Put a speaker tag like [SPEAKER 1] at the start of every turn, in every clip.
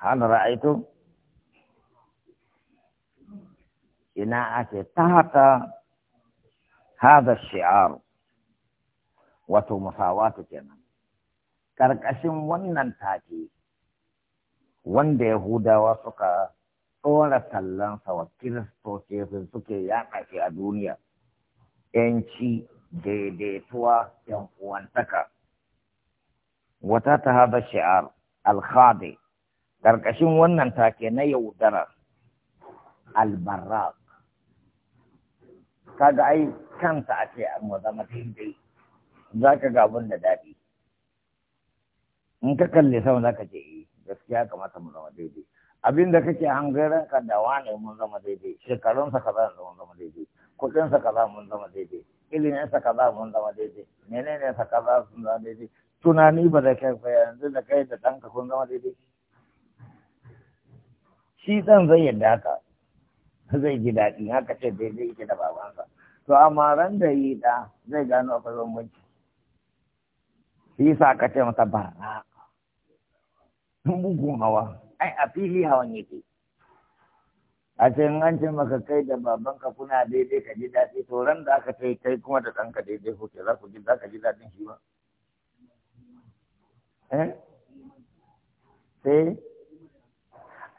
[SPEAKER 1] hal itu ina ake tahata hada shi'ar wato musawatu kenan karkashin wannan take wanda yahudawa suka tsora tallansa wa sai suke yaɗa shi a duniya ‘yanci daidaituwa ‘yan uwantaka wata ta hada shi'ar al al-khadi ƙarƙashin wannan take na yaudara albarak kaga ai kanta a ce an zama daidai za ka ga abin da daɗi in ka kalle sama za ka ce eh gaskiya kamata mu zama daidai abin da kake hangaren ka da wane mun zama daidai shekarunsa kaza mun zama daidai ka kaza mun zama daidai ka kaza mun zama daidai menene sa kaza sun zama daidai tunani ba da kai yanzu da kai da ɗanka kun zama daidai shi ɗan zai yadda haka zai ji daɗi haka ce zai yake da babansa to amma ran da yi ɗa zai gano akwai bambanci shi yasa ka ce masa ba bugun hawa ai a fili hawan yake a ce in an ce maka kai da babanka kuna daidai ka ji daɗi to ran da aka ce kai kuma da ɗanka daidai ko ke za ku ji za ka ji daɗin shi ba eh sai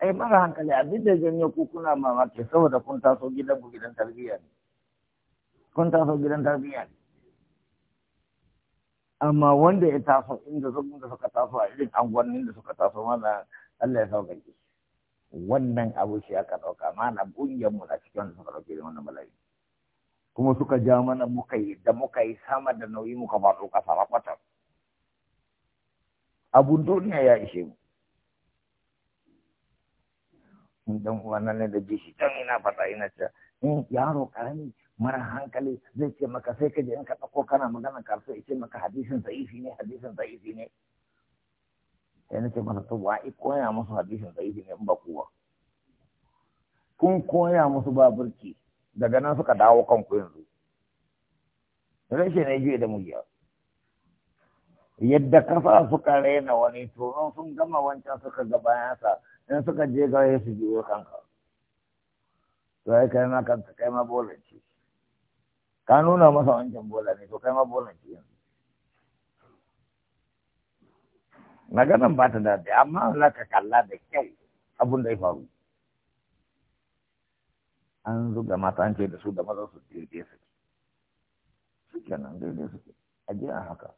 [SPEAKER 1] ai mara hankali abin da janyo ku kuna mamaki saboda kun taso gidan ku gidan tarbiyya ne kun taso gidan tarbiyya ne amma wanda ya taso inda zubin da suka taso a irin angonin da suka taso mana Allah ya sauƙaƙe wannan abu shi aka ɗauka mana ƙungiyar mu na cikin wanda suka ɗauke da wannan bala'i kuma suka ja mana muka yi da muka yi sama da nauyi muka faɗo ƙasa ba kwatar abun duniya ya ishe mu in dan uwana ne da jishi dan ina faɗa ina ce in eh, yaro karami mara hankali zai ce maka sai ka je in ka dauko kana magana ka so ice maka hadisin zaifi ne hadisin zaifi ne sai na ce masa to wa koya musu hadisin zaifi ne in ba kuwa kun koya musu baburki, daga nan suka dawo kanku yanzu rashin ne jiya da mujiya yadda kafa suka raina wani to sun gama wancan suka ga bayansa in suka je gawaye su biyo kanka to ai kai ma kanka kai ma bola ce ka nuna masa wancan bola ne to kai ma bola ce yanzu maganan ba ta daɗi amma za ka kalla da kyau abin da ya faru an zuga mata an ce da su da maza su daidai su su kenan daidai su a haka haka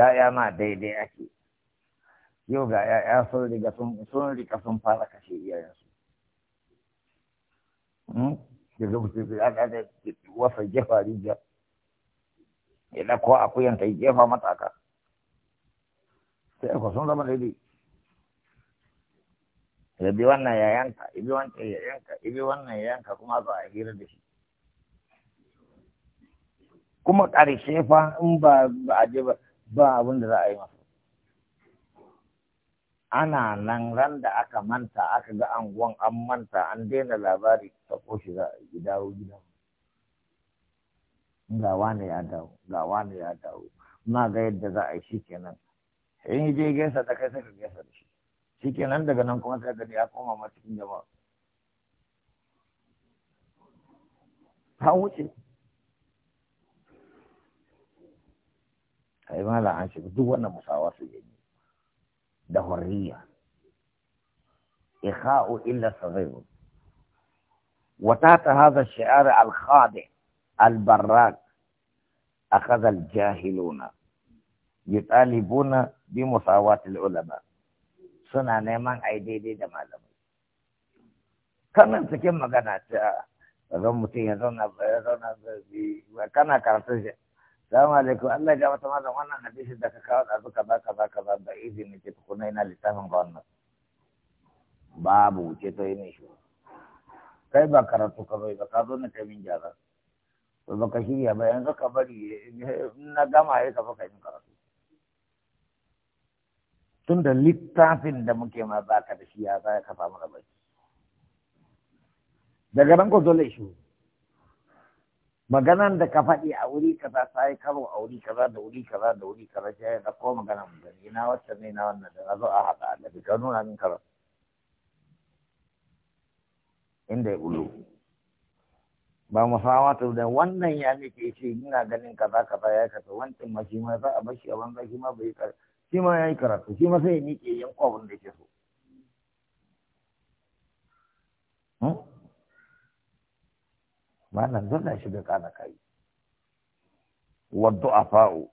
[SPEAKER 1] ya'ya ma daidai ake yau ga ‘ya'ya sun riga sun riga sun fara kashe iyayensu. Hmm? Daga mutum sai an da wasa jefa rijiya, ya ɗauko akuyan ta jefa mataka. Sai ku sun zama daidai. Ya bi wannan ya yanka, ya bi wancan ya yanka, ya bi wannan ya yanka kuma za a hira da shi. Kuma ƙarshe fa in ba a je ba abin da za a yi masa. ana nan ran da aka manta aka ga anguwan an manta an daina labari ta koshi za a dawo gida ga wane ya dawo ga wane ya dawo na ga yadda za a yi shi kenan in je gaisa da kai sai ka gaisa da shi shi kenan daga nan kuma sai gani ya koma ma cikin jama'a ta wuce yi mala an shiga duk wannan musawa su yi ده حرية إخاء إلا صغير وتحت هذا الشعار الخادع البراك أخذ الجاهلون يطالبون بمساواة العلماء سنة نيمان أيدي دي دي علم كم أنت كم مغانا تا رمتين رنب رنب وكما كانت Salamu alaikum Allah ya mata mazan wannan hadisi da ka kawo da suka ba ba ba izi izini ce tukuna yana littafin ga wannan. Babu ce to yi ne shi. Kai ba karatu ka bai ba ka zo na kai min gyara. To ba ka shirya ba yanzu ka bari na gama ya ka baka yin karatu. Tun da littafin da muke ma ba ka da shi ya za ka samu rabai. Daga nan ku zo lai shi. maganan da ka faɗi a wuri kaza ta yi karo a wuri kaza da wuri kaza da wuri kaza sai ya ko magana mu gani na wacce ne na wannan da na zo a haɗa bi ka nuna min karo inda ya ulu ba mu fawata da wannan ya nake ce ina ganin kaza kaza ya kasa wancan ma shi ma za a bashi a banza shi ma bai shi ma ya yi karatu shi ma sai ya ke yan abin da ke so malam na shiga kana kai wadda fao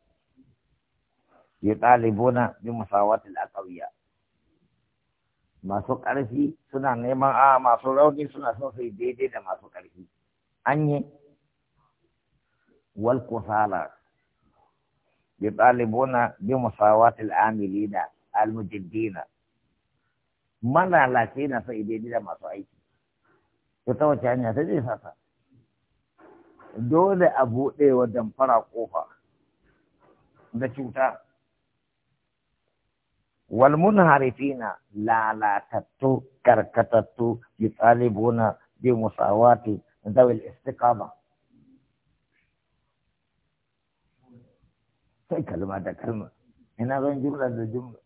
[SPEAKER 1] ya ɗalibuna bi musawatil aqawiya masu ƙarfi suna neman a masu rauni suna son su daidai da masu ƙarfi an yi wal kusala bi ɗalibuna bi musawatil amilina Mana malalace na sai daidai da masu aiki to ta wace hanya ta zai sasa dole a buɗe wa damfara ƙofa da cuta walmun harifina lalatattu karkatattu yi tsalibuna bi musawati dawil istiqama sai kalma da kalma ina zan jumla da jumla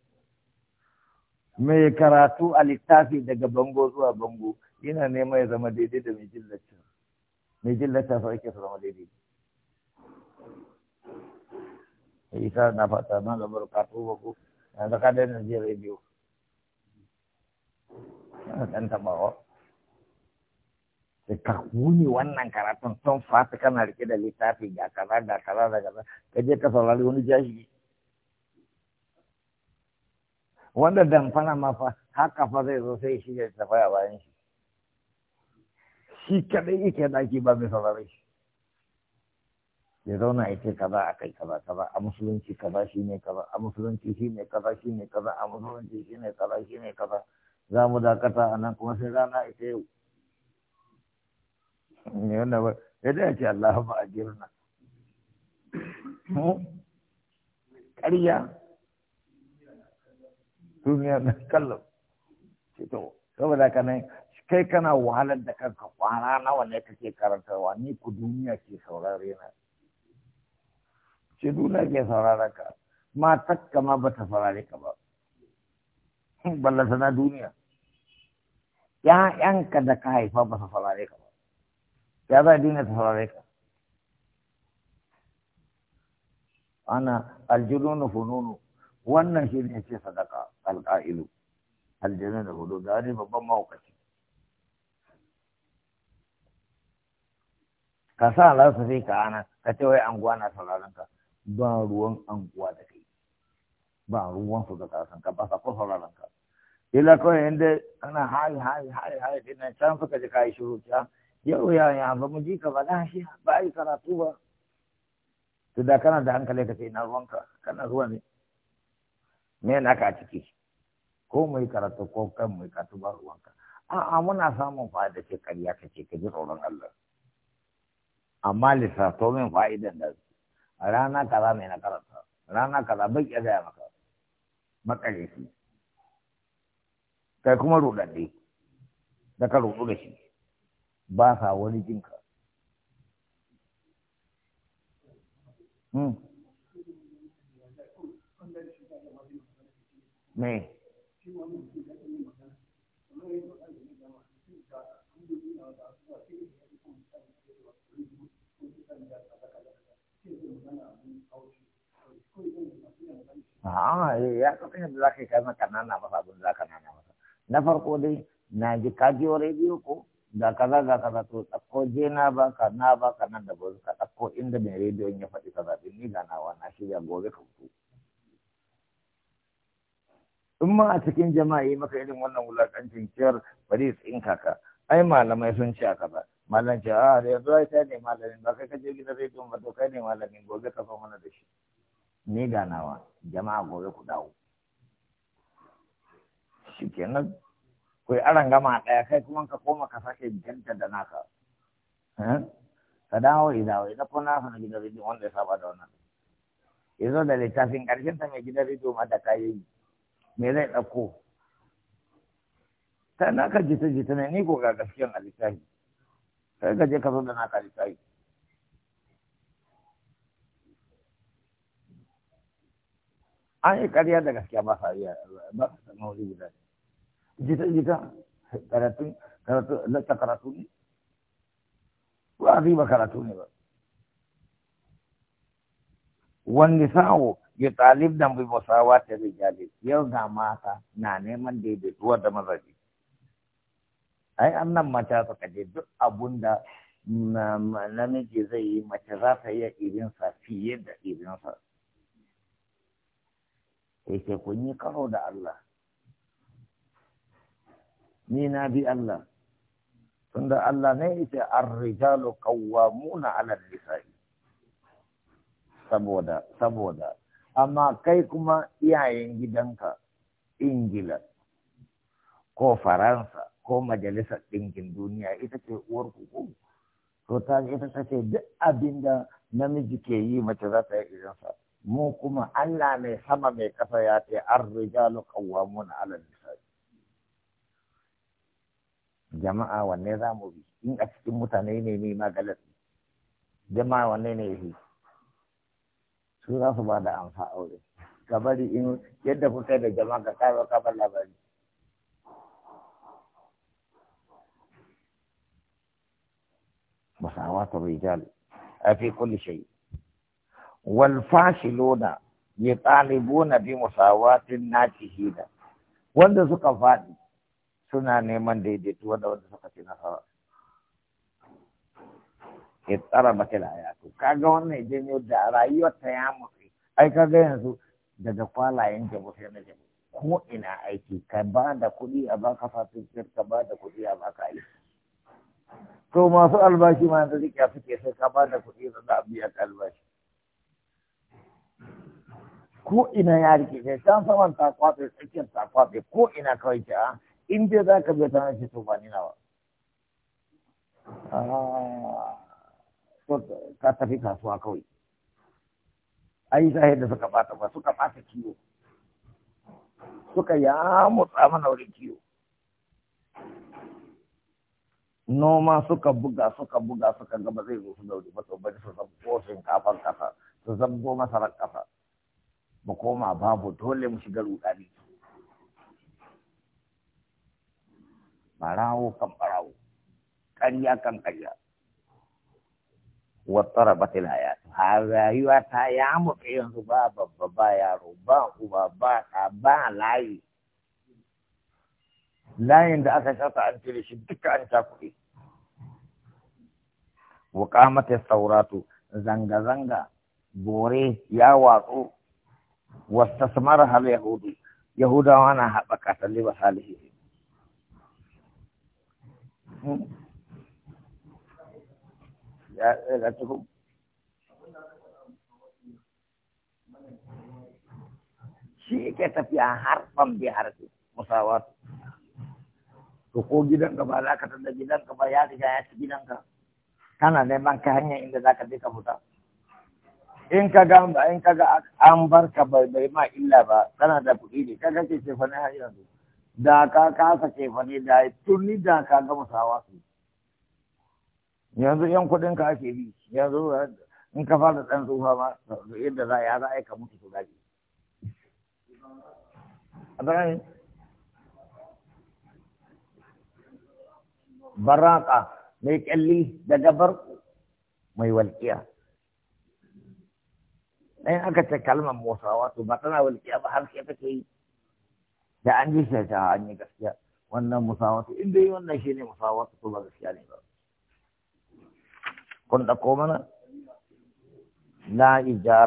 [SPEAKER 1] mai karatu a littafi daga bango zuwa bango yana nema ya zama daidai da mai jillacin mai jin littafa yake su zama daidai ita na fata na gabar ka ba ku na zaka da na rai biyu na ɗan tabawa da ka kuni wannan karatun tun fata kana rike da littafi ga kaza ga kaza da kaza ka je ka saurari wani jashi wanda damfara ma fa haka fa zai zo sai shi ya tafaya bayan shi shi kadai yake ake ba mai saurare shi ya zauna ya ce kaza a kai kaza kaza a musulunci kaza shi ne kaza a musulunci shi ne kaza shi ne kaza a musulunci shi ne kaza shi ne kaza za mu dakata a nan kuma sai rana ita yau ne wanda ba ya da ya ce Allah ba a jirna ƙarya duniya na kallon ce to saboda ka nan kai kana wahalar da kanka kwana nawa ne kake karantarwa ni ku duniya ke saurare na ce duniya ke saurare ka takka ma ba ta saurare ka ba ballanta na duniya ‘ya'yanka da ka haifa ba ta saurare ka ba ya za duniya ta saurare ka ana aljununu fununu wannan shi ne ce sadaka alƙa'ilu aljununu fununu da wani babban mahaukaci ka sa lansa sai ka ana ka ce wai anguwa na sauraron ka ba ruwan anguwa da kai ba ruwan su da kasan ka ba sa ko sauraron ka illa kawai inda kana hayi hayi hayi hayi dinnan can suka ji kai shiru ta. yau ya ya ba mu ji ka ba na shi ba yi karatu ba to da kana da hankali ka ce ruwan ka kana ruwa ne me na ka ciki ko mu yi karatu ko kan mu yi karatu ba ruwanka a'a muna samun fa'ida ce kariya ka ce ka ji tsoron Allah amma lissafo min fa'idan da rana kaza mai na karanta rana kaza bai ya gaya maka makare shi kai kuma rudadde da ka rudu da shi ba sa wani jinka hmm. me a'a ya kafa yadda za ka yi kai maka masa abin za ka nana masa na farko dai na ji ka ji rediyo ko da kaza ga kaza to tsakko je na baka na ka nan da ka tsakko inda mai rediyon ya faɗi kaza din ni ga nawa na shirya gobe ka fito in ma a cikin jama'a yi maka irin wannan wulakancin ciyar bari in kaka ai malamai sun ce aka ba malam ce a da yanzu ai ta ne malamin ba kai ka je gidan rediyon ba to kai ne malamin gobe ka fa mana da shi ne ganawa jama'a gobe ku dawo shikenan kai aran gama daya kai kuma ka koma ka sake janta da naka eh? ka dawo idawo ina ko na sanar gidan rijiyo wanda ya saba da wannan yanzu da littafin karshen ta mai gidan rijiyo ma da kayayi me zai ɗauko ta naka jita jita ne ni ko ga gaskiyan a littafi sai ka je ka zo da naka littafi an yi ƙarya da gaskiya ba sa iya ba sa san wuri guda jita jita karatu karatu latta karatu ne ba ba karatu ne ba wani sa'o ya talib dan bi musawa ta rijali yau ga mata na neman daidaituwa da mazaje ai annan mata ta kaje duk abun da namiji zai yi mace za ta iya irin sa fiye da irin sa. yake kun yi karo da Allah ni na bi Allah tunda Allah ne yake ar-rijalu qawwamuna 'ala an-nisa'i saboda saboda amma kai kuma iyayen gidanka Ingila ko Faransa ko majalisar ɗinkin duniya ita ce uwar kuku to ta ita ta ce duk abin namiji ke yi mace za ta yi sa. mu kuma Allah mai sama mai kafa ya ce an rijalu qawwamuna 'ala nisa jama'a wanne za mu bi in a cikin mutane ne ne ma galati jama'a wanne ne yi su za su ba da amsa aure ka bari in yadda kuka da jama'a ka kai ka bar labari rijal A fi kulle شيء wal fashiluna na bi musawatin najihina wanda suka faɗi suna neman daidaito da wanda suka ci nasara tsara batil ayatu kaga wannan ya janyo da rayuwar ta ya mutu ai ga yanzu daga kwalayen jabu sai na jabu ko ina aiki ka ba da kuɗi a baka fasikir ka ba da kuɗi a ka aiki to masu albashi ma yanzu rikiya suke sai ka ba da kuɗi za a biya albashi ko ina ya rike shi can saman ta kwafe tsakiyar ta kwafe ko ina kawai ta a ah, in dai za ka bai ta shi to ba ni nawa ah, ka tafi kasuwa kawai ai zahir da suka bata ba suka bata kiwo suka ya mutsa mana wurin kiwo noma suka buga suka buga suka gaba zai zo su daure ba to bari su zabbo shinkafan kasa su zabbo masarar kasa mu koma babu dole mu shiga rudani barawo kan barawo ƙarya kan ƙarya wattara batil ya ha rayuwa ta ya mutu yanzu ba babba ba yaro ba uba ba ɗa ba layi layin da aka shata an cire shi duka an cakuɗe mata sauratu zanga-zanga bore ya watsu wastasmara hal yahudu yahudawa na haɓaka ta liba ya cikin shi ke harfan musawat to ko gidanka ba za ka ya riga ya ci gidanka kana neman ka hanyar inda za ka je ka fita in ka ga an bar ka bai bai ma illa ba kana da kuɗi ne ka ga ke fa ne har yanzu da ka kasa ce fa ne da tuni da ka ga musawa su yanzu yan kuɗin ka ake bi yanzu in ka fara ɗan tsufa ma yadda za a za a ka mutu su gaji baraka mai kyalli daga barku mai walƙiya ɗan aka ce kalmar musawa wato ba tana walƙiya ba har sai take yi da an ji shi ta an yi gaskiya wannan musawatu in dai wannan shi ne musawatu to ba gaskiya ne ba kun ɗauko mana la ijara